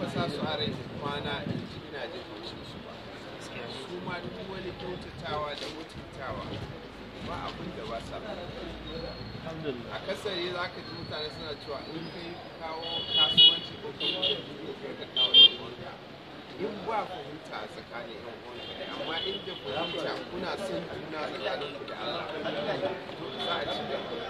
taɓa su a rai kwana in ji ina jin haushin su ba su ma duk wani kyautatawa da mutuntawa ba abin da ba sa a kasari za ka ji mutane suna cewa in kai kawo kasuwanci ko kuma ka kawo yan uwanka in ba fahimta a tsakanin yan uwanka amma inda fahimta kuna son juna tsakanin ku da Allah to za a ci gaba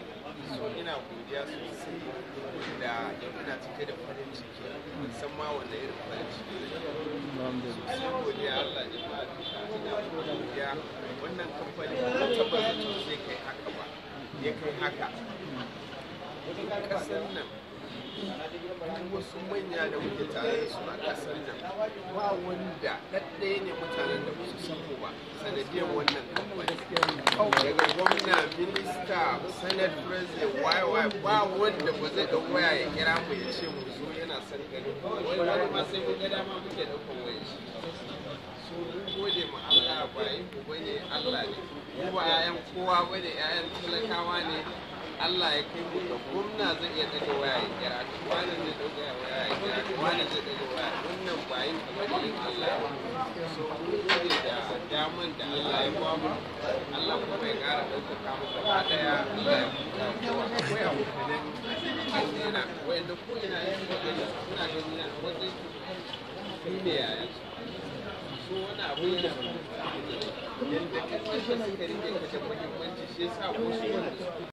godiya sosai da yan muna cike da farin ciki san ma wanda irin farin ciki sosai godiya Allah ne ba ina godiya wannan kamfani ba tabbata zai kai haka ba ya kai haka kasar nan duk wasu manya da muke tare da su a kasar nan ba wanda ɗaɗɗaya ne mutanen da ba su ba sanadiyar wannan kamfani sa senate president why ba wanda ba zai ɗan ya ya kira mu ya ce mu zo yana son gani wani wani ma sai mun ga dama muke ɗaukan wayan shi so mun gode mu Allah ba yi ku bane Allah ne mu ba ƴaƴan kowa bane 'ya'yan talakawa ne Allah ya kai mu da gwamna zai iya daga waya ya kira karamin da Allah ya ba mu Allah kuma ya kara ɗaukaka mu daya Allah ya kuma kowa akwai ko ina suna gani na ne su wani abu yana yadda kasashe suka rike shi